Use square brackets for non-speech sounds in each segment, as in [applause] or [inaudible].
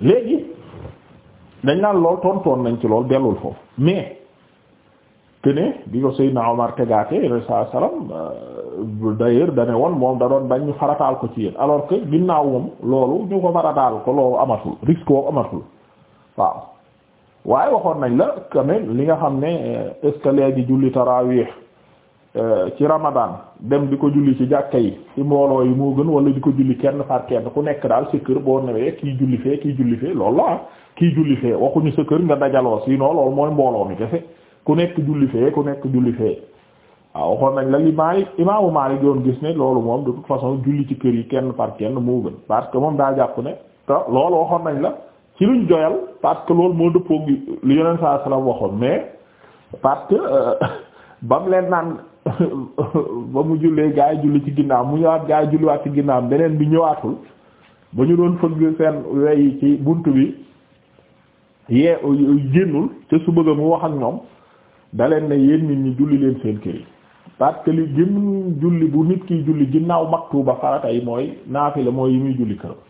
léegi dañ naan lool tontoon nañ ci lool dellul foofu mais que ne bi ko Seydina Omar tegaate yeneen saa salaam d'ailleurs da woon moom da doon bañ ñu farataal ko ci yéen alors que ginnaaw moom loolu ñu ko farataal ko loolu amatul risque amatul waaw waaye waxoon nañ la quand li nga xam ne euh, est-ce julli taraawih Euh, ci Ramadan dem di ko julli ci jàkka yi ci mbooloo yi moo gën wala di ko julli kenn par kenn ku nekk daal sa kër boo newee kii julli fee kii julli fee loolu la ah. kii julli fee waxuñu sa kër nga dajaloo sinon loolu mooy mbooloo mi kese ku nekk julli fee ku nekk julli fee waaw waxoon nañ la li Maalik imaamu Maalik doon gis ne loolu moom de toute façon julli ci kër yi kenn par kenn moo gën parce que moom daa jàpp ne te loolu waxoon nañ la ci luñ joyal parce que loolu moo dëppoo li yeneen saa salaam waxoon mais parce que euh, [laughs] bam leen naan. ba mu jullee gaa yi julli ci ginnaaw mu ñëwaat gaa yi julliwaat ci ginnaaw beneen bi ñëwaatul ba ñu doon fëgg seen weyi ci bunt bi yee génnul ca su bëgg mu wax ak ñoom daleen ne yéen nit ñi julli leen seen kër yi li gën julli bu nit kiy julli ginnaaw maktuba farata yi mooy naafila mooy yi muy julli këram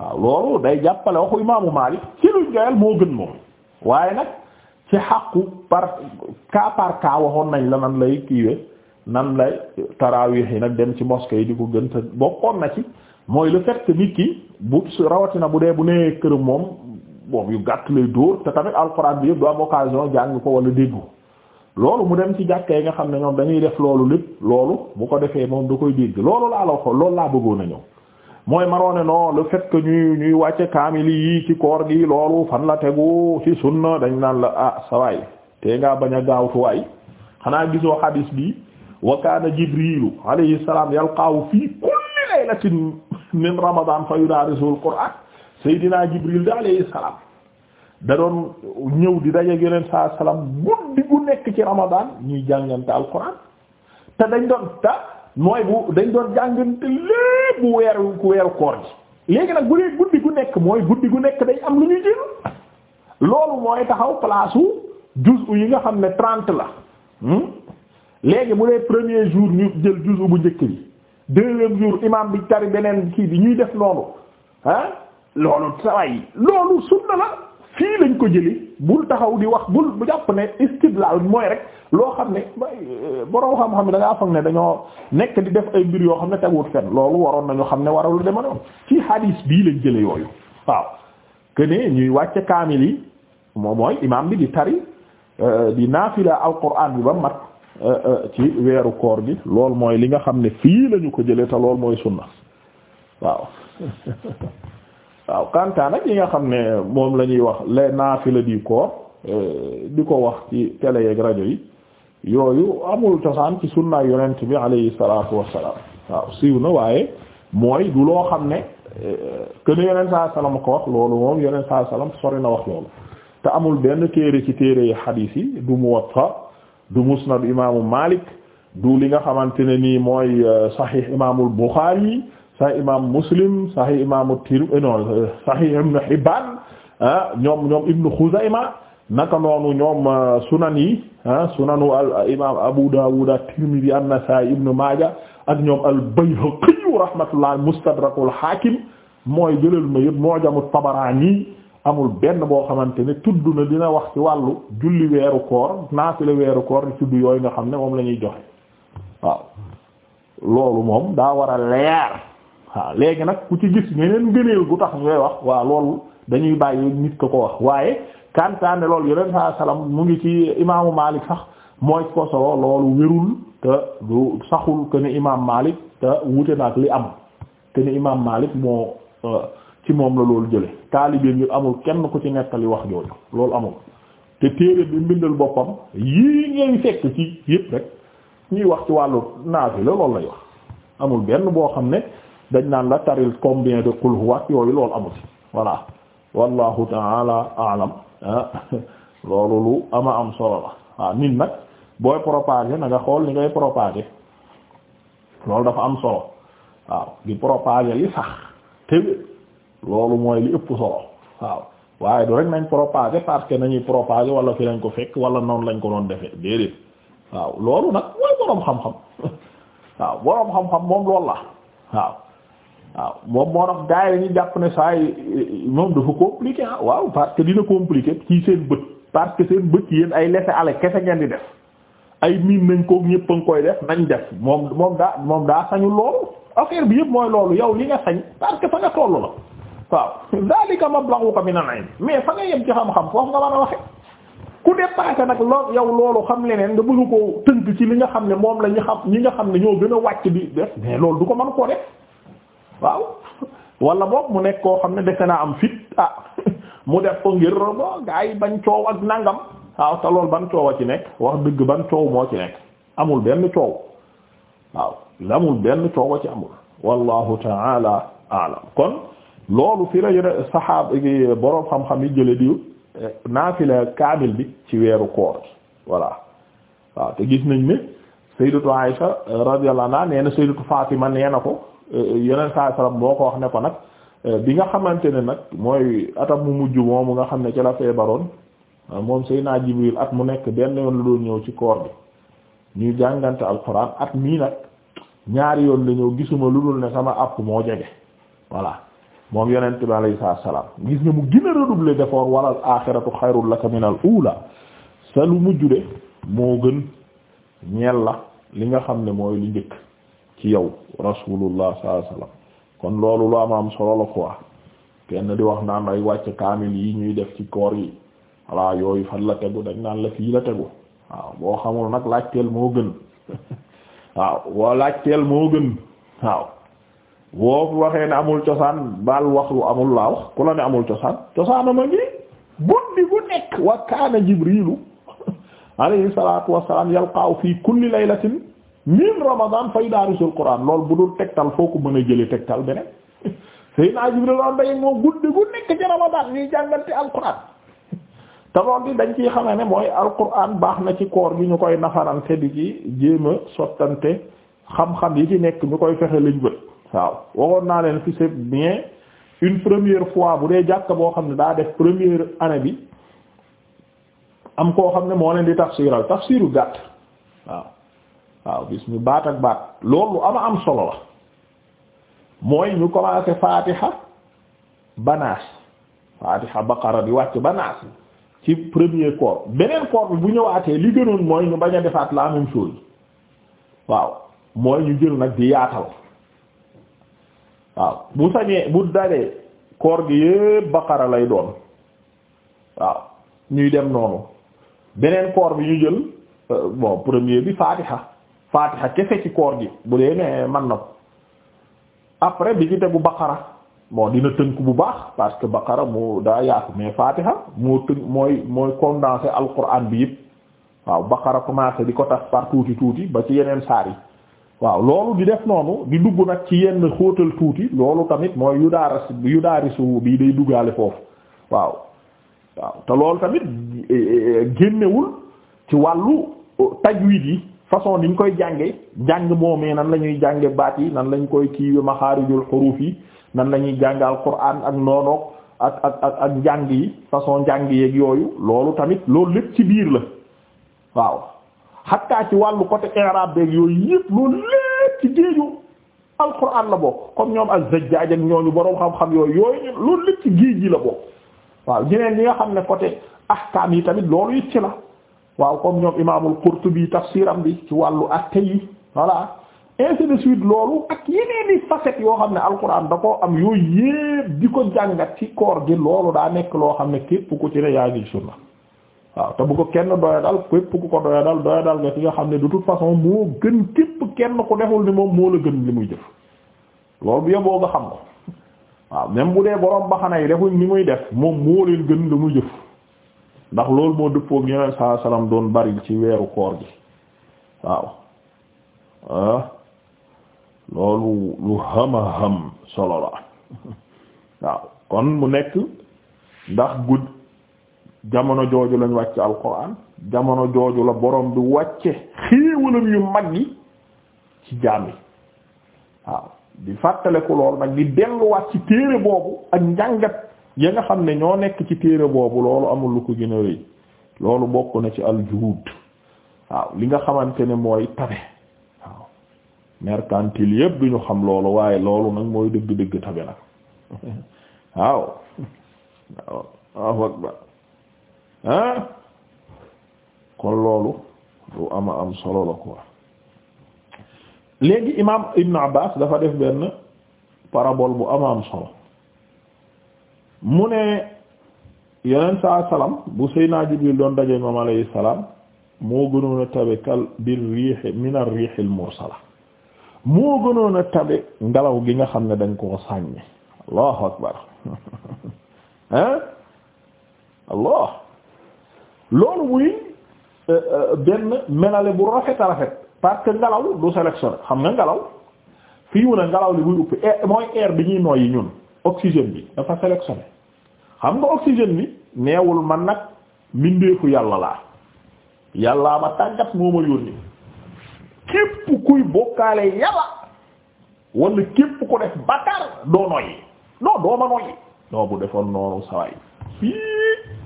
waaw loolu day jàppale waxu imaamu Maalik ci lu joyal moo gën moom waaye nag ci xàqu par cas par cas waxoon nañ la nan lay kiiwe nan lay taraawix yi nag dem ci mosquée yi di ko gën te bokkoon na ci mooy le fait nit ki bu rawatina bu dee bu nee këram moom boobu yu gàtt lay dóor te tamit alxuraan bi yëpp du am occasion jàng ko wala déggu loolu mu dem ci jàkka nga xam ne ñoom dañuy def loolu lépp loolu bu ko defee moom du koy dégg loolu laa la ko loolu laa bëggoon a ñëw mooy maroone non le fait que ñuy ñuy wàcce kaamili yi ci koor gi loolu fan la tegu ci sunna dañ naan la ah sawaay te ngaa bañ a gaawtuwaay xanaa gisoo hadis bi wa kaana jibrilu alayhi salaam yalqaahu fii kulli laylatin min ramadan fa yudaarisul qur'aan seydinaa jibril di alayhi salaam da doon ñëw di dajeek yeneen saa salaam guddi gu nekk ci ramadan ñuy jàngante al qur'aan dañ doon ta mooy bu dañ doon jàngante lépp bu weeru ku weeru koor gi léegi nag bu dee guddi gu nekk mooy guddi gu nekk dañ am lu ñuy jël loolu mooy taxaw place u yi nga xam ne trente la hmm? léegi bu dee premier jour ñu jël juz bu njëkk bi deuxième jour imam bi tari beneen kii bi ñuy def noonu ah loolu saway loolu sunna la fii lañ ko jëli bul taxaw di wax bul bu jàpp ne istidlaal mooy rek loo xam ne euh, borom xam-xam da ngaa foog ne dañoo nekk di def ay mbir yoo xam ne teguut fen loolu waroon nañu xam ne waral lu dema noonu hadis bii lañ jële yooyu waaw que ñuy wàcce kaamil yi moom mooy imaam bi di tari euh, di naafila alquran bi ba mat euh, ci weeru koor gi loolu mooy li nga xam ne fii lañu ko jële te loolu mooy sunna waaw [laughs] waaw kantaan yi nga xam ne moom la ñuy wax les naafila di koor euh, di ko wax ci télé yeeg rajo yi yooyu amul cosaan ci sunnaay yonent bi alayhi salaatu wassalaam waaw siiw na waaye mooy du loo xam ne euh, que ne yonent saa salaam ko wax loolu moom yonent saa salaam sori na wax loolu te amul benn téere ci téere yi xadiis yi du Muwatta du Musnad imaamu Maalik du li nga xamante ne nii mooy euh, Saxiix imaamul Buxaari sahih imam Muslim sahih imam Tirmidhi eh, non euh, sahih Ibn ah, ñoom ñoom Ibn Khuzayma naka noonu ñoom euh, sunan yi ah, sunanu al euh, imam Abu Dawud at-Tirmidhi an-Nasa'i Ibn Majah ak ñoom al-Bayhaqi rahmatullah Mustadrak al-Hakim mooy jëlal ma yëpp Mu'jam at-Tabarani amul benn boo xamante ne tudd na dina wax ci wàllu julli weeru koor naafila weeru koor tudd yooyu nga xam ne moom lañuy ñuy joxe waaw loolu moom daa war a leer waaw léegi nag ku ci gis ñeneen gëneel gu tax ñooy wax waaw loolu dañuy bàyyi nit ko ko wax waaye kantaane loolu yeneen saa salaam mu ngi ci imaamu Malik sax mooy ko solo loolu wérul te du saxul que ni imaam te wuute na li am te ni imaam moo euh, ci moom la loolu jële taalibe ñu amul kenn ku ci nettali wax jooju loolu amul te téere bi mbindal boppam yii ngay fekk ci yépp rek ñuy wax ci wàllu naafi la loolu lay wax amul benn boo xam ne dañ naan la taril combien de qul huwa yooyu loolu amu ci voilà wallahu taala alam ah. [laughs] loolu lu ama am solo la waaw ah, nit nag booy propager na nga xool ni ngay propager loolu dafa am solo waaw di propager li sax téwé loolu mooy li ëpp solo waaw waaye du rek nañ propager parce que nañuy propager wala fi lañ ko fekk wala noonu lañ ko doon defee déedéet waaw loolu nag mooy boroom xam-xam [laughs] waaw boroom xam-xam moom loolu la waaw waaw moom moo tax gars yi dañuy jàpp ne saa yi moom dafa compliqué ah waaw parce que dina compliqué ci seen bët parce que seen bët yéen ay laisser ale kese ngeen di def ay miin nañ ko ñëpp a ngi koy def nañ def moom daa moom daa sañu loolu affaire bi yëpp mooy loolu yow li nga sañ parce que fa nga tollu la waaw dalika mablaghuka min al-ilm mais fa nga yem ci xam-xam foofu nga war a waxe ku dépassé nag loo yow loolu xam leneen nga bëgg ko tënk ci li nga xam ne moom la ñu xam ñi nga xam ne ñoo gën a wàcc bi loolu du ko mën koo waaw wala boog mu nekk koo xam ne defe naa am fit ah, [laughs] mu def ko ngir bo gaa yi bañ coow ak nangam waaw te loolu ban coow a ci nekk wax digg ban coow moo ci nekk amul benn coow waaw amul benn coow a ci amul wallahu taala alam kon loolu fi la yore saxaab boroom xam-xam yi jële di eh, naafila kaamil bi ci weeru koor voilà waaw te gis nañ ne sayyidatu Aisha radiyallahu anha nee na sayyidatu Fatima nee na ko yeneen saa salaam boo ko wax ne ko nag euh, bi nga xamante ne nag mooy atam mu mujj moomu nga xam ne ci la feebaroon euh, moom Seydina Jibril at mu nekk benn yoon la doon ñëw ci koor bi ñuy jàngante alxuraan at mii nag ñaari yoon la ñëw gisuma lu dul ne sama àpp moo jege voilà moom yonent bi alayhi salaam gis mu gën a redoubler d'effort wala al-aaxiratu xayrun laka sa lu mujj de moo gën ñeel la li nga xam ne mooy lu njëkk. ci yow rasulullah sallallahu alayhi kon loolu lu am am solo la quoi kenn di wax naan ay wàcc kaamil yi ñuy def ci koor yi voilà yooyu fan la tegu dañ naan la fii la tegu waaw boo xamul nag laajteel moo gën [laughs] waaw boo laajteel moo gën waaw boo waxee ne amul cosaan baal wax lu amul laa wax ku la ne amul cosaan cosaanam a ngi bundi bu nekk wa kaana jibrilu [laughs] alayhi salaatu wassalaam yalqaaw fii kulli laylatin min ramadan fay daarisul quran loolu bu dul tegtal foo ko mën a jële tegtal beneen [laughs] Seydina Jibril loolu daje moo guddi gu nekk ci ramadan ñuy jàngante alquran [laughs] te loolu gi dañ ciy xamee ne mooy alquran baax na ci koor gi ñu koy nafarante di ci jéem sottante xam-xam yi ci nekk ñu koy fexe lañ bët waaw waxoon naa leen fi c'est bien une première fois bu dee jàkk boo xam ne daa def première année bi am koo xam ne moo leen di tafsiral tafsiru gàtt waaw waaw bis mi baat ak baat loolu ama am solo la mooy ñu commencé fatiha banaas fatiha baqara di wàcc banaas ci premier corps beneen corps bi bu ñëwaatee li gënoon mooy ñu bañ a defaat la même chose waaw mooy ñu jël nag di yaatal waaw bu sañee bu dalee koor gi yépp baqara lay doon waaw ñuy dem noonu beneen koor bi ñu jël euh, bon premier bi faatiha faatiha kese ci koor gi bu dee ne man na ko après bi ci tegu baqara bon dina tënk bu baax parce que baqara moo daa yaatu mais faatiha moo tënk mooy mooy condensé alquran bi yëpp waaw baqara commencé di ko tax par tuuti tuuti ba ci yeneen saar yi waaw loolu di def noonu di dugg nag ci yenn xóotal tuuti loolu tamit mooy yu daaras yu daarisu bii day duggaale foofu waaw waaw te loolu tamit eh, eh, eh, génnewul ci wàllu tajwid yi façon niñ koy jànge jàng moomee nan la ñuy jànge baat yi nan lañu koy kiiwe maxaarijul xuruuf yi nan lañuy ñuy jànge alquran ak noonoog ak ak njàng yi façon njàng yeeg yooyu loolu tamit loolu lépp ci biir la waaw xattaa ci wàllu côté i'rab beeg yooyu yépp loolu lépp ci géeju alquran la boo comme ñoom ak zajjaj ak ñooñu boroom xam-xam yooyu yooyu loolu lépp ci géej gi la bokk waaw ñeneen ñi nga xam ne côté ahkaam yi tamit loolu it ci la waaw comme ñoom imaamul Qurtubi tafsiram bi ci wàllu atte yi voilà ainsi de suite loolu ak yeneen i facettes yoo xam ne al alquran da koo am yooyu yépp di ko jàngat ci koor gi loolu daa nekk loo xam ne képp ku ci ne yaa ngi sunna waaw te bu ko kenn doyadal képp ku ko doyadal doyadal nga ci nga xam ne de toute façon moo gën képp kenn ku deful ni moom moo la gën li muy jëf loolu bu yeboo nga xam ko waaw même bu dee borom baxana yi defuñ ni muy def moom moo gën li muy jëf. ndax loolu moo dëppook yeneen saa salaam doon bari ci weeru koor gi waaw ah, loolu lu hama ham solo la [laughs] waaw kon mu nekk ndax gudd jamono jooju lañ wàcc alquran jamono jooju la boroom bi wàcce xéewalam yu mag yi ci jaam waaw di fàttale ko lool nag di delluwaat ci téere boobu ak njàngat ya nga xam ne ñoo nekk ci téere boobu loolu amul lu ko gën rëy loolu bokk na ci aljuhud waaw li nga xamante ne mooy tabe waaw mercantile yépp duñu xam loolu waaye loolu nag mooy dëgg-dëgg tabe nag [laughs] waaw waaw waaw akbar ah kon loolu lu ama am solo la quoi léegi imam Ibn Abbas dafa def benn parabol bu ama am solo mu ne yeneen saa salaam bu Seydina Jibril doon daje moom alayhi salaam moo gënoon a tabe kal bir riixi minar riixil mursala moo gënoon tabe ngelaw gi nga xam ne dañ ko sàññi allahu akbar [laughs] hein allah loolu muy euh, euh, benn melale bu rafet a rafet parce que du sélectionné xam nga ngelaw fii mu ne ngelaw li buy upp eh, mooy air bi ñuy yi ñun oxygène bi dafa sélectionné xam nga oxygène bi neewul man nag mbindeefu yàlla laa yàllaa ma tàggat moo ma yónni képp kuy bokkaale yàlla wala képp ku def bàkkaar doo noyyi non doo ma noyyi bu defoon noonu saway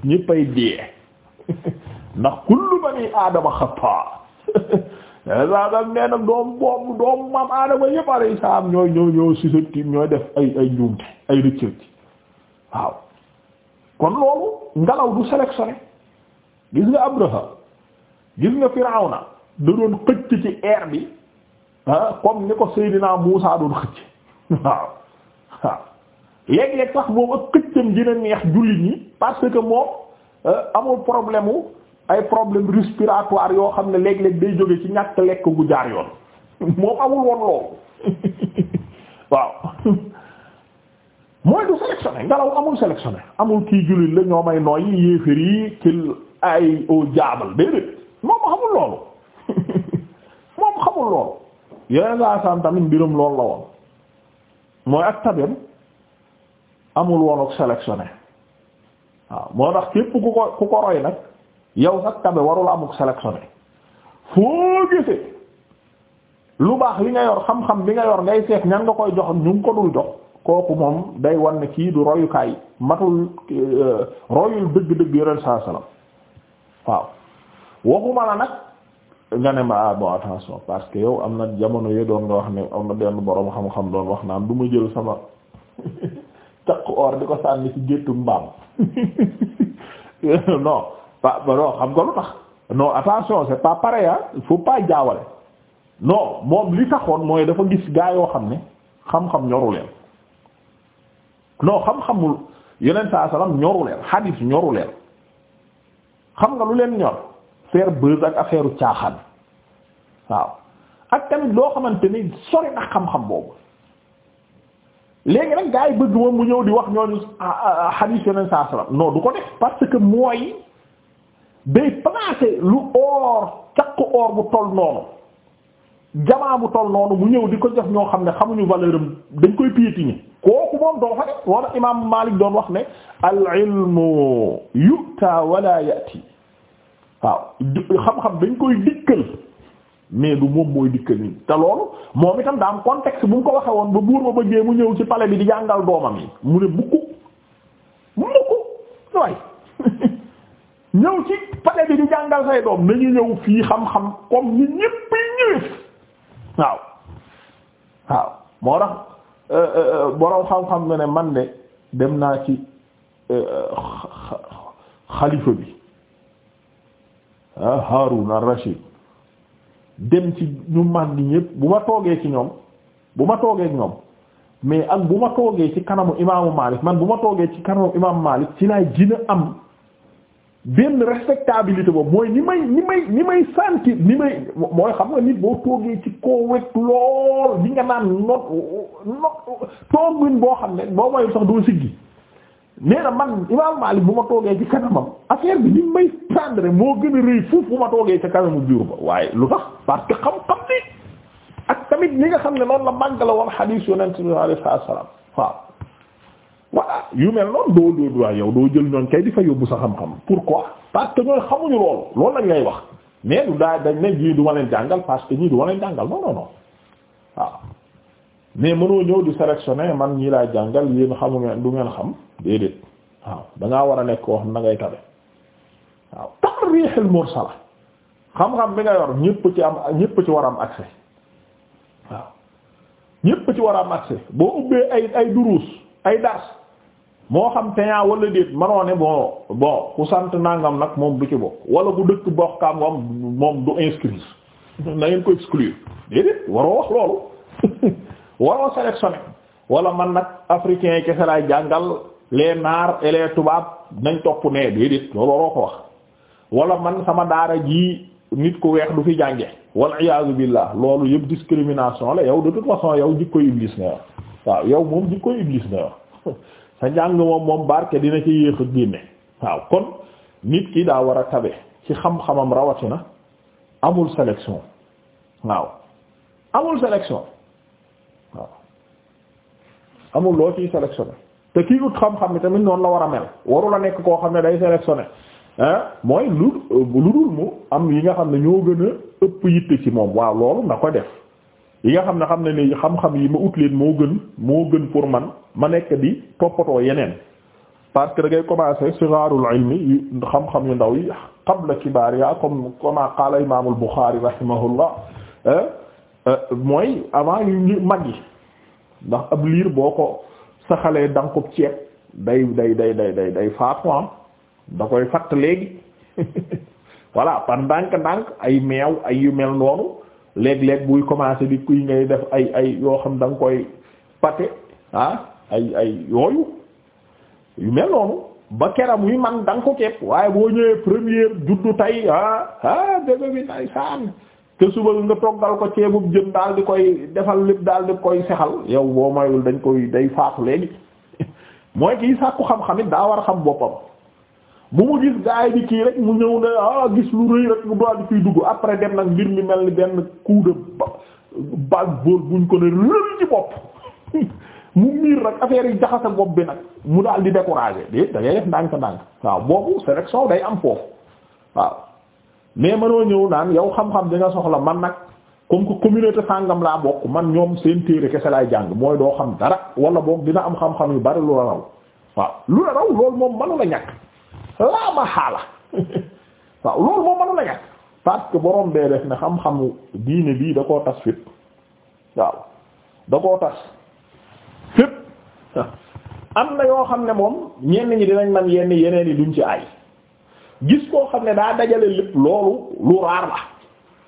ñéppay dee [laughs] ndax kullu bani aadama xataa [laughs] saa saa nee maam aadama yëpp alayhi salaam ñooy ñooy ñoo susceptible ñooy def ay ay njuumte ay rëcc rëcc waaw kon loolu ngelaw du sélectionné gis nga Abraha gis nga Firawna da doon xëcc ci air bi ah, comme ni ko Seydina Muusaa doon xëcc waaw waaw léeg sax moom ak xëccam dina neex jullit ñi parce que moom ah, amul problème ay problème respiratoire yoo xam ne léeg-léeg day jóge ci ñàkk lekk gu jaar yoon [laughs] amul woon loolu [laughs] waaw mooy du sélectionné ngelaw amul sélectionné amul kii jullit la ñoo may nooy yéeféer yi kil ay au jaabal déedéet moom xamul loolu [laughs] moom xamul loolu yeneen saa saam tamit mbirum loolu la woon mooy ak amul woon ak sélectionné waaw moo tax képp ku ko ku ko roy nag yow sax tabe warul amuk sélectionné foo gise lu baax li nga yor xam-xam bi nga yor ngay seet ñan nga koy jox ñu ngi ko dul jox kooku moom day wan ne kii du royukaay matul euh, royul dëgg-dëgg yoneen saa salaam waaw waxuma la nag nga ne ma ah attention parce que yow am na jamono yee doon nga wax ne am na benn boroom xam-xam doon wax naan du ma jël sama [laughs] caq or di ko sànni ci géttu mbaam [laughs] non pa non xam nga lu tax non attention c'est pas pareil ah il faut jaawale non moom li taxoon mooy dafa gis gaa yoo xam ne xam-xam ñoru leen xam-xamul yeneen saa salaam ñoru leen hadith xam nga lu leen ñor affaire caaxaan waaw ni sori na xam boobu léegi nag bëgg moom mu ñëw di wax ñooñu ah, ah, ah, hadith yeneen saa salaam non du ko def parce que mooy. day placer lu or caq or bu toll noonu jamaa bu toll noonu mu ñëw di ko jox ñoo xam ne xamuñu valeur dañ koy piétiner kooku moom doo fa def wala imaam Maalik doon wax ne al ilmu yu'ta wala ya'ti waaw xam-xam dañ koy dikkal mais du moom mooy dikkal ni te loolu moom itam daa am contexte bu mu ko waxee woon ba buur ba bëggee mu ñëw ci palais bi di jàngal doomam yi mu ne mukku mukku waay [laughs] ñëw ci ate bi di jàngal say doom nañu fii xam-xam comme ni ñépp ñëwee waaw waaw moo tax euh, euh, euh, boroom xam-xam ne ne man de dem naa ci xalifa bi ah Haarun ar-Rashid dem ci ñu mag ñépp bu ma toogee ci ñoom bu ma toogeek ñoom mais ak bu ma toogee ci kanamu imaamu Maalik man bu ma toogee ci kanamu imaamu Maalik ci laay gën am benn respectabilité boobu mooy ni may ni may ni may santi ni may mooy xam nga nit boo toogee ci koo wekk lool di nga naan not not toogin boo xam ne boo mayul sax doo siggi nee na man Imaam Maalik bu ma toogee ci kanamam affaire bi ni may prendre moo gën a rëy fuuf bu ma toogee ci kanamu jur ba waaye lu tax parce que xam-xam ni ak tamit li nga xam ne noonu la màgg la woon xadiis yonent bi waaw voilà yu mel noonu doo doo doo yow doo jël ñooñ kay di yóbbu sa xam-xam pourquoi parce que ñooy xamuñu loolu loolu lañ wax mais du daa dañ ne ñii du ma leen jàngal parce que ñii du ma leen jàngal non non non waaw mais mënoo ñëw di sélectionner man ñii laa jàngal yéen xamu ngeen du ngeen xam déedéet waaw dangaa war a nekk koo xam na ngay tabe waaw tarrihil mursala xam-xam bi nga yor ñépp ci am ñépp ci war a am accès waaw ñépp ci war a am accès boo ubbee ay ay moo xam teñaa wala déet manoo ne bon bon ku sant nangam nag moom du ci bokk wala bu dëkk bokkaam wam moom du inscrire [laughs] na ngeen ko exclure déedéet waroo wax loolu [laughs] waroo sélectionner wala man nag africain kese laay jàngal les naar et tubaab nañ topp nee déedéet loolu waroo ko wax wala man sama daara ji nit ku weex du fi jànge wal iyaazu billah loolu yëpp discrimination la yow de toute façon yow jikkoy iblis nga wax waaw yow moom jikkoy iblis [laughs] sa njàng moom moom barke dina ci yéex a génne waaw kon nit ki daa war a tabe ci xam-xamam rawatina amul sélection waaw amul sélection waaw amul loo ciy sélectionné te kii ut xam-xam ni tamit noonu la war a mel warul la nekk koo xam ne day sélectionné mooy lu lu dul mu am yi nga xam ne ñoo gën a ëpp yitte ci moom waaw loolu na ko def yi nga xam ne xam ne léegi xam-xam yi ma ut leen moo gën moo gën pour man ma nekk di toppatoo yeneen parce que da ngay commencer sigaarul ilmi yu ndaw yi qabla kibaar yaa comme kama qaala imaamul Buxaari rahimahullah euh, mooy avant yu ñu mag yi ndax ab liir boo ko saxalee dankob ceeb day day day day day day faatu am da koy fatt léegi [laughs] voilà par ndànk-ndànk ay meew ay yu mel noonu léeg-léeg buy commencer di kuy ngay def ay ay yoo xam da nga koy pate ah ay ay yooyu yu mel noonu ba keram muy man da ko kepp waaye boo ñëwee première juddu tay ah ah bébé bi tay saan te suba nga toggal ko ceebub jën daal di koy defal lépp daal di koy sexal yow boo mayul dañ koy day faatu léegi [laughs] mooy kii sàkku xam-xamit daa war a xam boppam bu mu gis gaay bi kii rek mu ñëw ne ah gis lu rëy rek mu daal di fiy dugg après dem nag mbir mi mel ni benn coup ba balle vol buñ ko ne rëy ci bopp [laughs] mu miir rek affaire yi jaxasa bopp bi nag mu daal di décourager déet da ngay def ndànk-ndànk waaw boobu sélection day am foofu waaw mais mënoo ñëw naan yow xam-xam di soxla man nag comme que communauté sàngam laa bokk man ñoom seen téere kese laay jàng mooy doo xam dara wala boog dina am xam-xam yu bari lu la mahaala [laughs] waaw loolu moom mënu la ñàkk parce que borom bee def ne xam-xamu diine bii da koo tas fépp waaw da koo tas fépp [laughs] am na yoo xam ne moom ñenn ñi dinañ man yenn yeneen yi duñ ci ay gis koo xam ne daa dajale lépp loolu lu raar la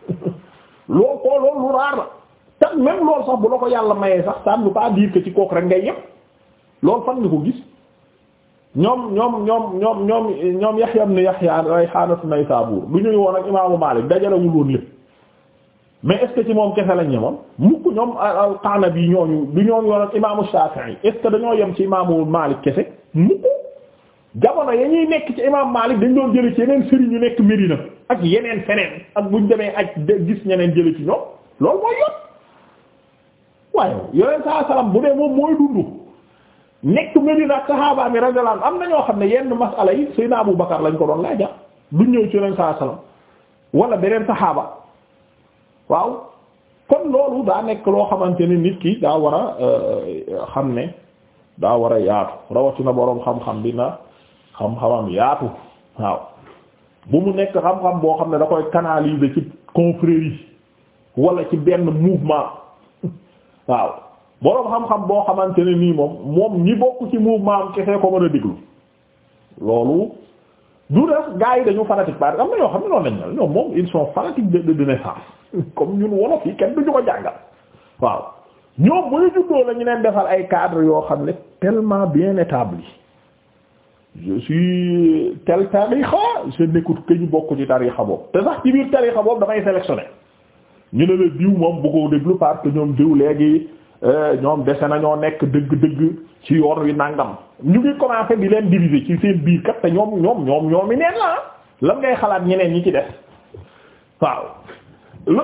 [laughs] loolu koo loolu lu raar la te même loolu sax bu la ko yàlla mayee sax ça lu veut pas dire ci kook rek ngay yëpp loolu fan nga ko gis ñoom ñoom ñoom ñoom ñoom ñoom Yahya ibn Yahya Rayhanatu Naysabur du ñuy woon ak imaamu Maalik dajalewul woon lépp mais est ci moom kese lañ ñemoon mukk ñoom al-Qanabi ñooñu du ñoon yoon ak imaamu Shafi'i est dañoo yem ci imaamu Maalik kese mukk jamono ya nekk ci imaamu Maalik dañ doon jële ci yeneen sëriñ yu nekk Medina ak yeneen feneen ak buñ demee ak gis ñeneen jële ci ñoom loolu mooy yot waaye yoneen saa salaam bu dee moom mooy dundu nekk Medina ak saxaaba mi radiyallahu am na ñoo xam ne yenn masala yi Seydina Abu Bakar lañ ko doon laaja ah, du ñëw ci Yonent sallallahu alayhi wasallam wala beneen saxaaba waaw kon loolu daa nekk loo xamante ni nit ki daa war a euh, xam ne daa war a yaatu rawatina boroom xam-xam bi na xam-xamam yaatu waaw bu mu nekk xam-xam boo xam ne da koy canaliser ci confrérie wala ci benn mouvement [laughs] waaw. boroom xam-xam boo xamante ne nii moom moom ñi bokk ci mouvement am kese ko mën a diglu loolu du def gars yi dañu fanatique par am na yoo xam ne noonu lañ ñal ñoom moom ils sont fanatiques de de naissance [laughs] comme ñun wolof yi kenn du ñu ko jàngal waaw ñoom bu ñu juddoo la ñu leen defal ay cadre yoo xam ne tellement bien établi je suis tel tarixa je n'écoute que ñu bokk ci tarixa boobu te sax ci biir tarixa boobu damay sélectionner ñu ne la diw moom bu ko déglu parce léegi Euh, ñoom dese nañoo nekk dëgg-dëgg ci yoon wi nangam ñu ngi commencé di leen diviser ci seen biir kat ñoom ñoom ñoom ñoom mi neen la ah. lan ngay xalaat ñeneen ñi ci def waaw lu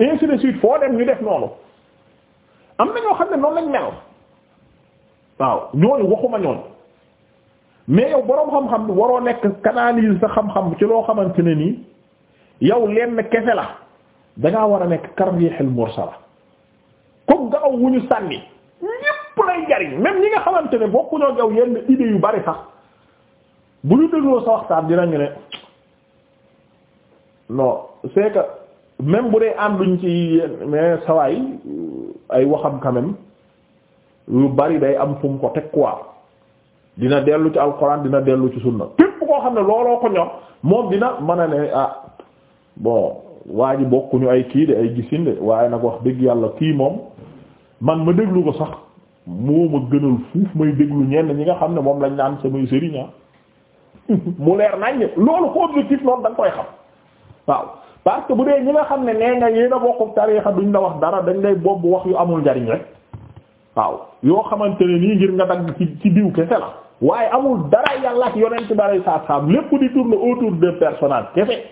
ainsi suite foo dem ñu def noonu am na ñoo xam ne noonu lañ mel waaw ñooñu waxuma ñooñu mais yow boroom xam-xam waroo nekk canalise sa xam-xam ci loo xamante ne nii yow lenn kese la dangaa war a nekk yi karrihil mursala comme garaw wu ñu sànni ñépp lay jariñ même ñi nga xamante ne bokkuñoo gaw yenn idées yu bari sax bu ñu dégloo sa waxtaan dinañu ne no c'est que même bu dee ànduñ ci yenn mais sawaay ay waxam quand même bari day am fu ko teg quoi dina dellu ci alxuraan dina dellu ci sunna képp koo xam ne looloo ko ñor moom dina mën a ne ah bon waa ji bokkuñu ay kii de ay gisin de waaye nag wax dëgg yàlla kii moom man ma déglu ko sax moo ma gënal fuuf may déglu ñenn ñi nga xam ne moom lañ naan samay sëriña ah. [laughs] mu leer nañ loolu ko objectif noonu da koy xam waaw parce que bu dee ñi nga xam ne nee nga yéen a bokk tariixa duñ la wax dara dañ lay boobu wax yu amul njariñ rek waaw yoo xamante ne nii ngir nga dagg ci ci diw kese la waaye amul dara yàlla ak yonent baray saa saam lépp di tourner autour des personnages kese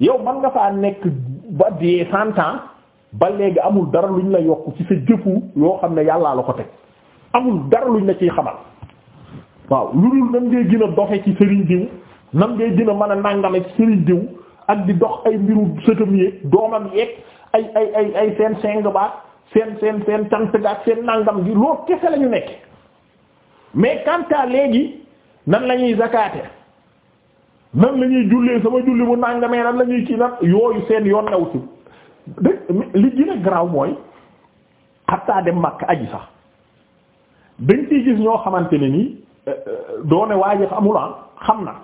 yow man nga faa nekk ba dee cent temps ba léegi amul dara luñ la yokk ci sa jëfu yoo xam ne yàllaa la ko teg amul dara luñ la ciy xamal waaw lu dul nan ngay gën a doxe ci sëriñ diw nan ngay gën a mën a nàngame ci sëriñ diw ak di dox ay mbiru sëtam yeeg doomam yeeg ay ay ay ay seen seng baat seen seen seen cant gaak seen nàngam gi loolu kese lañu ñu nekk mais quant léegi nan lañuy ñuy zakaate nan la ñuy jullee sama julli mu nàngamee nan la ñuy ci nag yooyu seen yoon new ci li gën a mooy xattaa dem màkk aji sax dañ ciy gis ñoo xamante ni nii euh, euh, doone waaye amul ah, xam na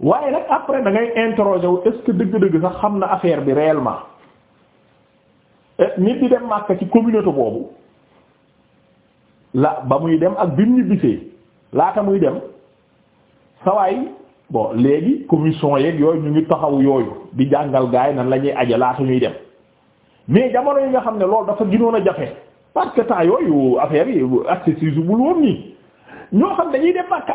waaye nag après da ngay interroger wu est dëgg-dëgg sax xam na affaire bi réellement euh, nit di dem màkk ci communauté boobu la ba muy dem ak bi mu ñu laata muy dem sawaay bon léegi commission yeeg yooyu ñu ngi taxaw yooyu di jàngal yi nan la ñuy aje laata ñuy dem mais jamono yi nga xam ne loolu dafa ginoon a jafe parce que temps yooyu affaire yi accessible bul woon nii ñoo xam dañuy dem Makka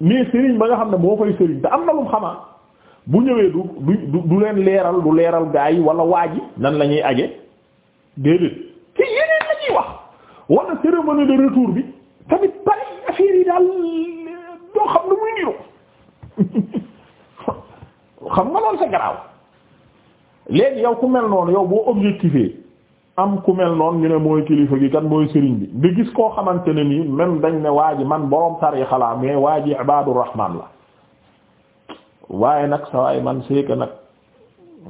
mais sëriñ ba nga xam ne moo fay sëriñ te am na lum xamaa bu ñëwee du du du leen leeral du leeral gaay wala ji nan la ñuy aje déedéet ci yeneen la wax wala cérémonie de retour bi tamit pare affaire yi daal doo xam xam nga loolu c'est grave léegi yow ku mel noonu yow boo objectifié am ku mel noonu ñu ne mooy kilifa gi kat mooy sëriñ bi nga gis koo xamante ne nii même dañ ne waa man borom tariixa la mais waa ji ibaadu la waaye nag sawaay man seeka nag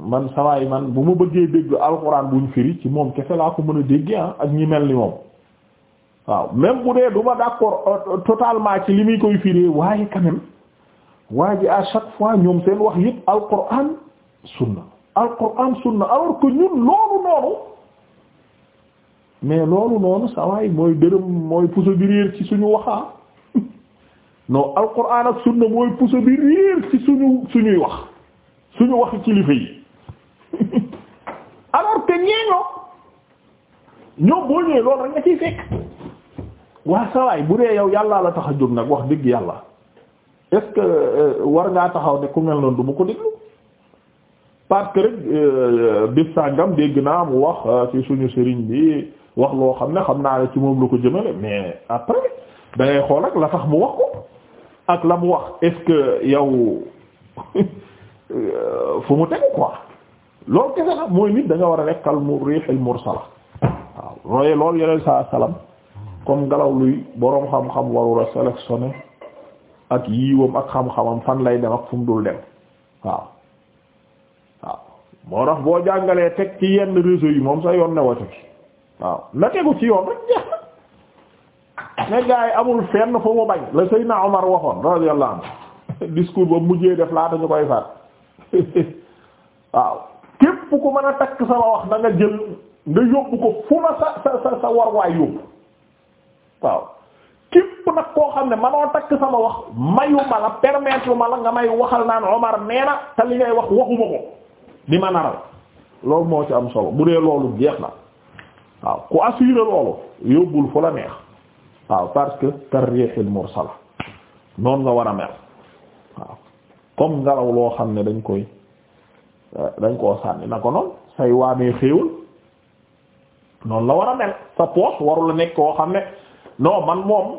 man sawaay man bu ma bëggee dégg alxuraan buñ firi ci moom kese laa ko mën a dégg ah ak ñi mel ni moom waaw même bu dee du ma d'accord euh, ci li muy koy firi waaye quand waa ji à chaque fois ñoom seen wax yëpp alquran sunna alquran sunna alors que ñun loolu noonu mais loolu noonu sawaay mooy dërëm mooy puso bi réer ci suñu waxaa ah. [laughs] non alquran ak sunna mooy puso bi réer ci suñu suñuy wax suñu wax kilifa yi [laughs] alors que ñeeñoo ñoom boo ñëwee loolu rek nga ciy fekk waa sawaay bu dee yow yàllaa la tax a jóg nag wax dëgg yàlla est-ce que euh, war ngaa taxaw ne ku mel noonu du ma ko déglu parce rek euh, bis dégg naa mu wax euh, ci suñu sëriñ bi wax loo xam ne xam naa ne ci moom la ko jëmale mais après da xool ak la tax mu wax ko ak la mu wax est-ce que yow fu mu tegu quoi loolu kese la mooy nit da war a nekkal mu riixil mursala waaw roye loolu yeneen saa salaam comme ngelaw luy boroom xam-xam warul sélectionner ak yiiwam ak xam-xamam fan lay dem ak fu dul dem waaw waaw moo tax boo jàngalee teg ci yenn réseau yi moom sa yoon ne watu ci waaw na tegu ci yoon ne gaa yi amul fenn fu mu bañ la Seydina Omar waxoon radiyallahu anhu discours ba mujjee def laata ñu koy faat [laughs] waaw képp ku mën a takk sama wax na nga jël nga yóbbu ko fu ma sa sa sa war waay yóbbu waaw nag koo xam ne manoo takk sama wax mayu ma la permettre la nga may waxal naan Omar nee na te li ngay wax waxuma ko li ma naral loolu moo ci am solo bu dee loolu jeex na waaw ku assuré loolu yóbbul fu la neex waaw parce que tarrihil mursala noonu nga war a mel waaw comme ngelaw loo xam ne dañ koy euh, dañ koo sànni na ko noonu say waamee xéewal noonu la war a mel sa poche waru nekk koo xam ne non man moom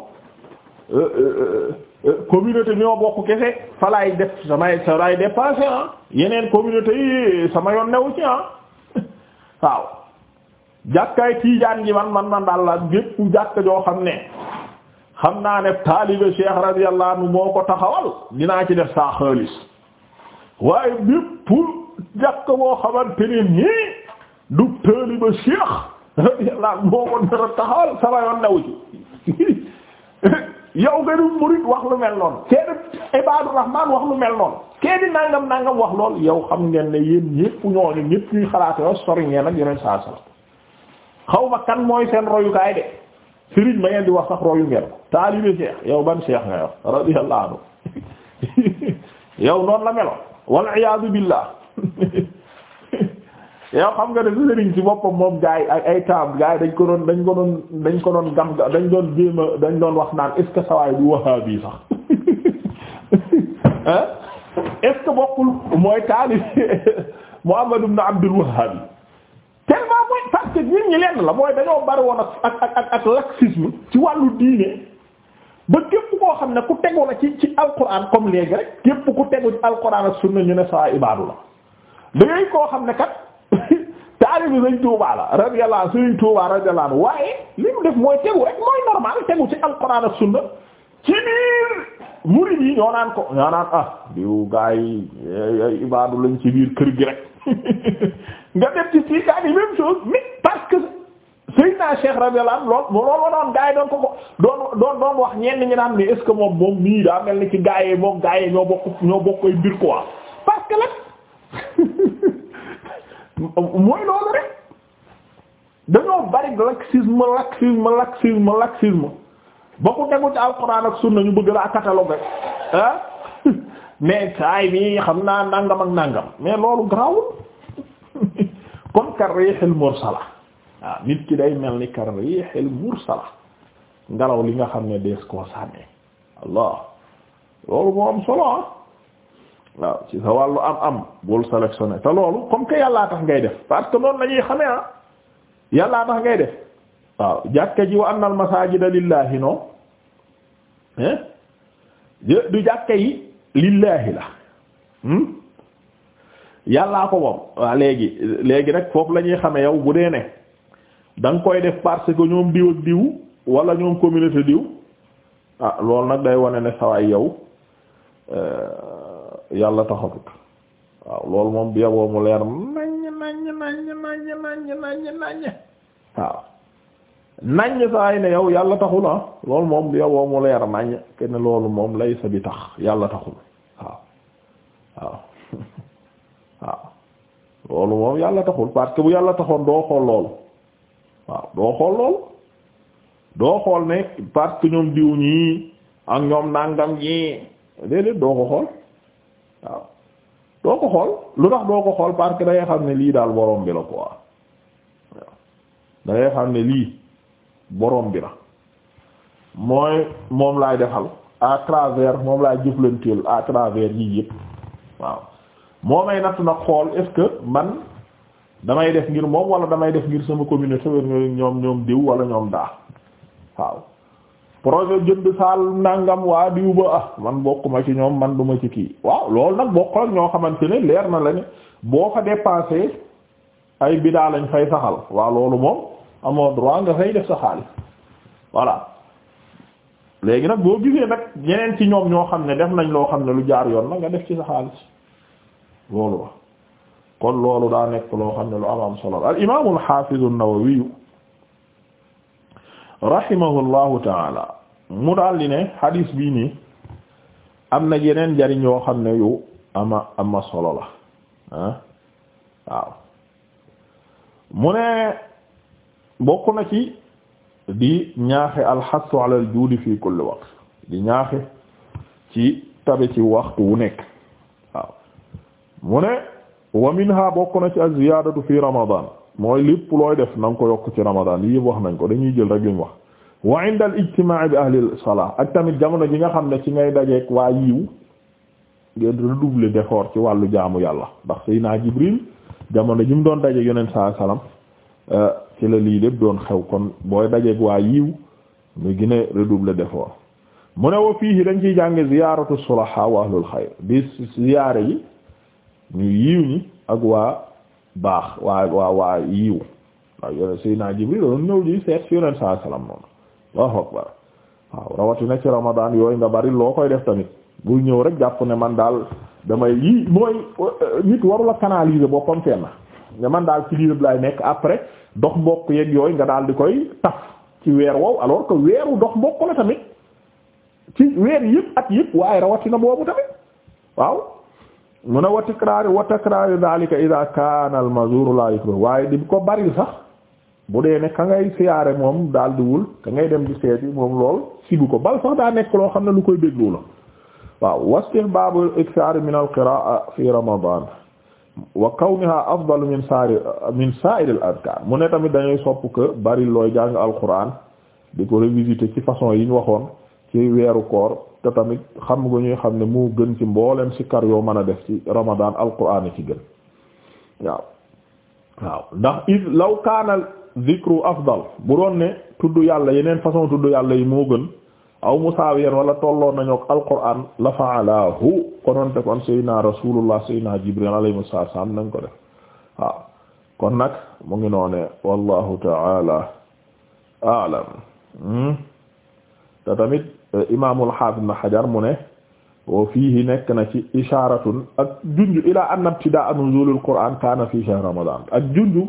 Euh, euh, euh, communauté ñoo bokk kese fa def samay sa laay dépassé ah. yeneen communauté yi sama yoon newu ci ah [laughs] waaw jàkkaay tiijaan ji man man man daal la gépp jàkk joo xam ne xam naa ne taalibe cheikh radiyallahu anhu moo ko taxawal dinaa ci def saa xaalis waaye bépp jàkk boo xamante ne nii du taalibe cheikh radiyallahu anhu moo ko dara taxawal sama yoon newu ci [laughs] yow nga def wax lu mel noonu kee def ibaadu wax lu mel noonu kee di nangam wax lool yow xam ngeen ne yéen ñépp ñooñu ñépp ñuy xalaate wax sori ngeen ak yeneen saa sala xaw ma kan mooy seen royukaay de sëriñ ma ngeen di wax sax royu ngeen ko taalibe cheikh yow ban seex nga wax radiyallahu anhu [laughs] yow noonu la meloon wal iyaadu billah [laughs] yow xam nga ne sëriñ ci boppam moom gars yi ay ay taab gars dañ ko doon dañ ko doon dañ ko doon gam dañ doon jéem dañ doon wax naan est sawaay bu wahabi sax ah [laughs] est-ce que bokkul mooy taalib [laughs] Muhammad ibn Abdul Wahhab tellement mooy parce que nit ñi lenn la mooy dañoo bari ak ak ak ak laxisme ci wàllu diine ba képp koo xam ne ku tegu la ci ci alquran comme léegi rek képp ku tegu ci alquran ak sunna ñu ne sawaay ibaadu la da koo xam ne kat. [laughs] taalibi Sëriñ Tuubaa la radiyallahu Sëriñ Tuubaa radiyallahu waaye li mu def mooy tegu rek mooy normal tegu ci alxuraan ak sunna ci biir murid yi ñoo naan ko ñoo naan ah diw gaay yi ibaadu lañ ci biir kër gi rek [laughs] nga def ci sii gaa yi même mi parce que Seydina Cheikh radiyallahu anhu lool loolu la doon gaa yi doon ko ko doon doon doon wax ñenn ñi naan ni est-ce que moom moom mii daa mel ni ci gaa yi moom gaa ñoo bokk ñoo bokk ay mbir quoi parce que la [laughs] mooy loolu rek dañoo bari laxisme laxisme laxisme laxisme ku tegu ci alxuraan ak sunna ñu bëgg laa cataloguer ah [laughs] mais saay bi xam naa nangam ak nangam mais loolu grawul comme [laughs] karrihil mursala waaw ah, nit ki day mel ni karrihil mursala ngelaw li nga xam ne dees koo sànni Allah loolu moo am solo ah. waaw ci sa wàllu am am bul sélectionné te loolu comme que yàllaa tax ngay def parce que noonu lañuy xamee ah yàllaa tax ngay def waaw jàkke ji wa anna al masajida lillahi non du jàkke yi lillahi la hmm yàllaa ko moom waa léegi léegi nag foofu la ñuy xamee yow bu dee ne da koy def parce que ñoom diw ak diw wala ñoom communauté diw ah loolu nag day wane ne sawaay yow euh, yàlla taxatut waaw loolu moom bi yaboo mu leer naññ naññ naññ naññ naññ naññ waaw naññ saa yi ne yow yàlla taxul ah loolu moom bi yaboo mu leer naññ kenn loolu moom lay sa bi tax yàlla taxul waaw waaw [laughs] waaw loolu moom yàlla taxul parce que bu yàlla taxoon doo xool loolu waaw doo xool loolu doo xool ne parce que ñoom diw ñii ak ñoom nàngam ñii déedéet doo ko xool waaw doo ko xool lu tax doo ko xool parce que da xam ne lii daal borom bi la quoi waaw da xam ne lii boroom bi la mooy moom laay defal à travers moom laay jëflanteel à travers yii yëpp waaw moo may natt nag xool est-ce que man damay def ngir moom wala damay def ngir sama communauté ñoom ñoom diw wala ñoom daa waaw projet jënd saal nangam waa diw ba ah man bokkuma ci ñoom man duma ci kii waaw loolu nag bokk ak ñoo xamante ne leer na la ne boo fa dépensé ay bidaa lañ fay saxal waaw loolu moom amoo droit nga fay def sa xaalis voilà léegi nag boo gisee nag ñeneen ci ñoom ñoo xam ne def nañ loo xam ne lu jaar yoon la nga def ci sa xaalis loolu la kon loolu daa nekk loo xam ne lu am am solo al imaamul xaafizu an-Nawawi rahimahullahu taala mu daal di ne hadis bii nii am na jeneen njariñ yoo xam ne yu ama ama solo la ah mu ne bokk na ci di ñaaxe alxassu ala al juudi fi kulli waqt di ñaaxe ci tabe ci waxtu wu nekk waaw mu ne wa minha bokk na ci az-ziyaadatu fi ramadan mooy lépp looy def na ko yokk ci ramadan lii yëpp wax nañ ko dañuy jël rek liñ wax wa inda al ijtimaa bi ahli ak tamit jamono ji nga xam ne ci ngay dajeek waa yiw ngeen redoubler d'effort ci wàllu jaamu yàlla ndax Seydina Jibril jamono ji mu doon daje yonent saa salaam euh, ci la lii lépp doon xew kon booy dajeek waa yiw mu gën a redoubler d'effort mu ne wa fii dañ ciy jànge ziyaaratu sulaha wa ahlul bi ziyaare yi ñu yiw ñi ak waa baax waa waa waa yiw waaw Jibril doon ñëw ji seet ci yonent salaam noonu Allahu akbar waaw rawatina ci Ramadan yooyu nga bari loo koy def tamit bu ñëw rek jàpp ne man daal damay yii mooy euh, nit warula canaliser boppam na ne man daal ci diirëb laay nekk après dox mbokk yeeg yooyu nga daal di koy taf ci weer wow alors que weeru dox mbokk la tamit ci weer yëpp at yëpp waaye rawatina boobu tamit waaw mu ne wa tikraari wa takraari daalika idaa kaana al mazuru waaye di ko bari sax bu dee ne ka ngay siyaare moom daal diwul ka ngay dem di seeti moom lool sibu ko bal sax daa nekk loo xam ne lu koy déglu la waaw wastihbaabu ikthaar min al qiraa fi ramadan wa kawniha afdal min saari min sa'ir al adkaar mu ne tamit dañuy sopp bari looy jàng al di ko revisiter ci façon yiñ waxoon ci weeru koor te tamit xam nga ñuy xam ne mu gën ci mbooleem si kar yoo mën a def ci ramadan al quran ci gën waaw waaw ndax it law kaanal zikru afdal bu doon ne tudd yàlla yeneen façon tudd yàlla yi moo gën aw musaawiyan wala tolloo nañu ak alquran la fa'alahu konoonte kon sayyidina rasulullah sayyidina jibril alayhi assalam nañ ko def waaw kon nag mu ngi noone wallahu ta'ala a'lam hmm? te tamit eh, imaamul haafid ibn hajar mu ne wa fiihi nekk na ci isharatun ak junj ila anna ibtida'a nuzulul qur'an kana fi shahr ramadan ak junj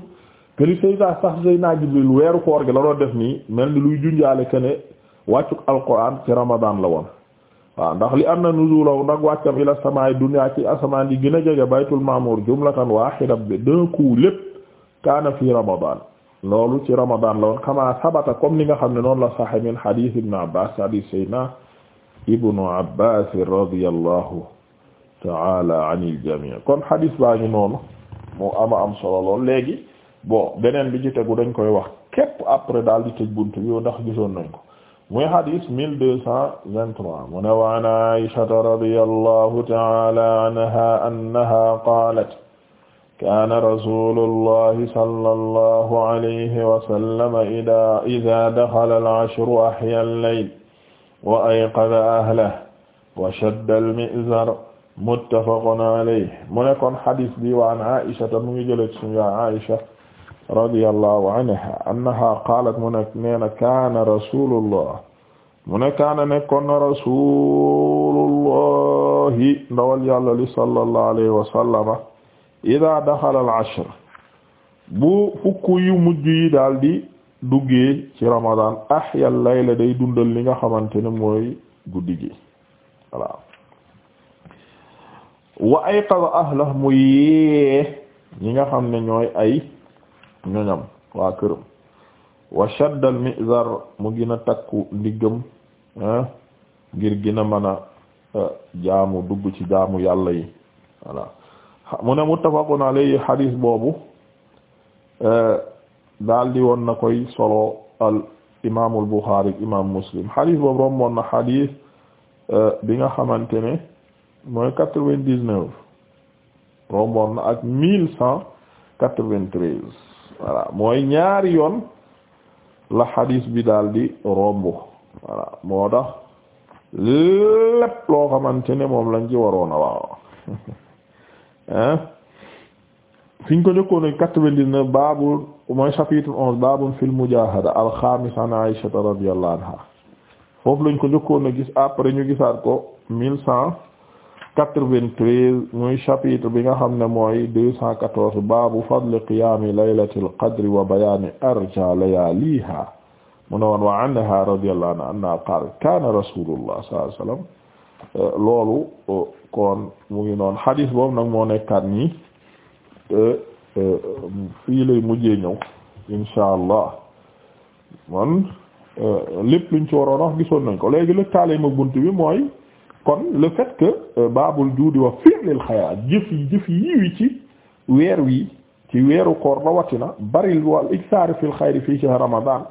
que li Seydina sax Seydina Jibril weeru koor gi la doon def nii ni luy junjaale que ne wàccuk alquran ci Ramadan la woon waaw ndax li am na nuzulaw nag wàccam ila samaay dunya ci asamaan yi gën a jege baytul maamur jumlatan waahida bi d'un coup lépp kaana fi Ramadan loolu ci Ramadan la kama sabata comme ni nga xam ne noonu la saxe min hadith Ibn Abbas hadith Seydina Ibn Abbas radiyallahu ta'ala anil jami' kon hadith baa ngi noonu mu ama am solo lool léegi. bon beneen bi ci tegu dañ koy wax képp après daal di tëj buntu bi ndax gisoon nañ ko muy hadis mille deux cent vingt-trois mu ne wa an aishata radiyallahu ta'ala anha annaha qalat kaana rasulullahi sallallahu alayhi wa sallam ida ida daxala al-ashru ahya al-layl wa ayqadha ahlahu wa shadda al-mi'zar muttafaqun alayhi mu ne kon hadis bi wa an aishata mu ngi jëlee ci suñu Aisha radiyallahu anha annaha qaalat mu ne nee na kaana rasulullah mu ne kaana nekkoon na rasulullahi ndawal yàlla li sallallahu alayhi wa sallama ida daxala al ashr bu fukk yu mujj yi daal di duggee ci ramadan ahya al layla day dundal li nga xamante ne mooy guddi gi voilà wa ayqaza ahlah mu yee ñi nga xam ne ñooy ay ñoñam waa këram wa shadda al mizar mu gën a takku ndiggam ah, ngir gën a mën a ah, jaamu dugg ci jaamu yàlla yi voilà mu ne muttafaqun alayhi hadis boobu ah, daal di woon na koy solo al imaamul Buxaari imaam Muslim hadis boobu romboon na hadis bi nga xamante ne mooy quatre-vingt-dix-neuf romboon ak mille cent quatre-vingt-treize voilà mooy ñaari yoon la xadiis bi daal di romb voilà moo tax lépp loo xamante ne moom lañ ci waroon waaw [laughs] hein fiñ ko jëkkoon quatre-vingt-dix-neuf baabul mooy chapitre onze baabul fil mujaahada al-xaamis an Aysata anha foofu lañ ko jëkkoon a gis après ñu gisaat ko mille cent quatre-vingt-treize muy chapitre bi nga xam ne mooy deux cent quatorze baabu fadli qiyaami laylatil qadri wa bayaani arja layaaliha mu ne woon wa anha radiyallahu anha anna qaala kaana rasulullah sallallahu alayhi loolu kon mu ngi noon boobu nag moo nekkaat nii e, fii lay mujjee ñëw insha allah man e, luñ ci waroon gisoon nañ ko léegi lëkkaale ma bunt bi mooy kon le fait que euh, baabul juudi wa fi'lil xayraat jëf yi jëf yiw yi ci weer wi ci weeru koor rawatina baril wal iksaar fil xayri fii shahr ramadan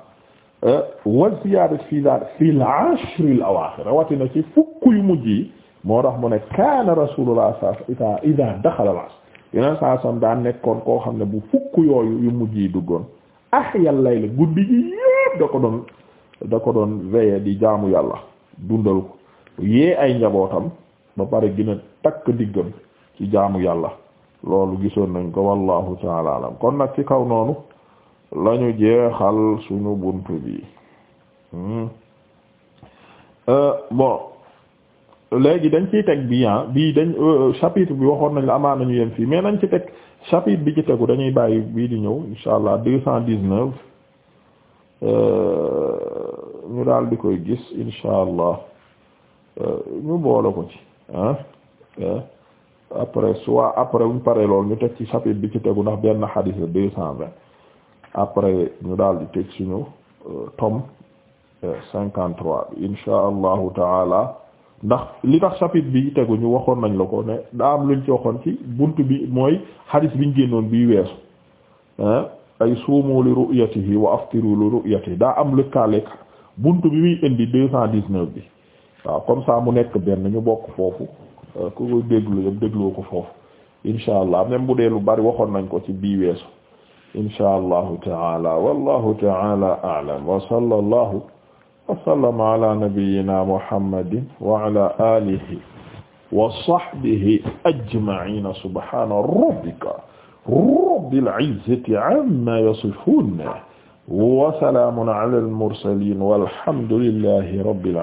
euh, wa ziyaadati fi zaalika fil ashril rawatina ci fukk yu mujj yi moo tax mu ne kaana rasuulullah sallallahu alayhi wa sallam idaa daxala saa son daan nekkoon koo xam ne bu fukk yooyu yu mujj yi duggoon ahyal layla guddi gi yépp da ko doon da ko doon veillé di jaamu yàlla dundal ko yee ay njabootam ba pare gën takk diggam ci jaamu yàlla loolu gisoon nañ ko wallahu taala alam kon nag ci kaw noonu lañu jeexal suñu bunt bi hmm. euh, bon léegi dañ ciy teg bi ah bii dañ euh, chapitre bi waxoon nañ la amaan nañu yem fii mais nañ ci teg chapitre bi ci tegu dañuy bàyyi bii di ñëw insha allah deux cent dix-neuf euh, ñu daal di koy gis insha allah Euh, ñu boole ko ci ah après soit après buñ paree lool ñu teg ci chapitre bi ci tegu ndax benn xadis la deux cent vingt après ñu daal di teg suñu euh, tom euh, cinquante trois bi insha allahu taala ndax li tax chapitre bi tegu ñu waxoon nañ la ko ne daa am luñ ci waxoon ci bunt bi mooy bi ñu génnoon bii weesu ay suumu li ru'yatihi wa aftiru li ru'yatihi daa am lëkkaaleeg bunt bi muy indi deux cent dix-neuf bi waaw comme ça mu nekk benn ñu bokk foofu euh, ku koy déglu yëpp dégloo ko foofu insha allah même bu dee lu bari waxoon nañ ko ci bii weesu insha allahu taala wallahu taala a'lam wa sallallahu wa sallama ala nabiyyina muhammadin wa ala alihi wa sahbihi ajma'in subhana rabbika rabbil izzati amma yasifun wa salamun ala al mursalin walhamdulillahi rabbil alamin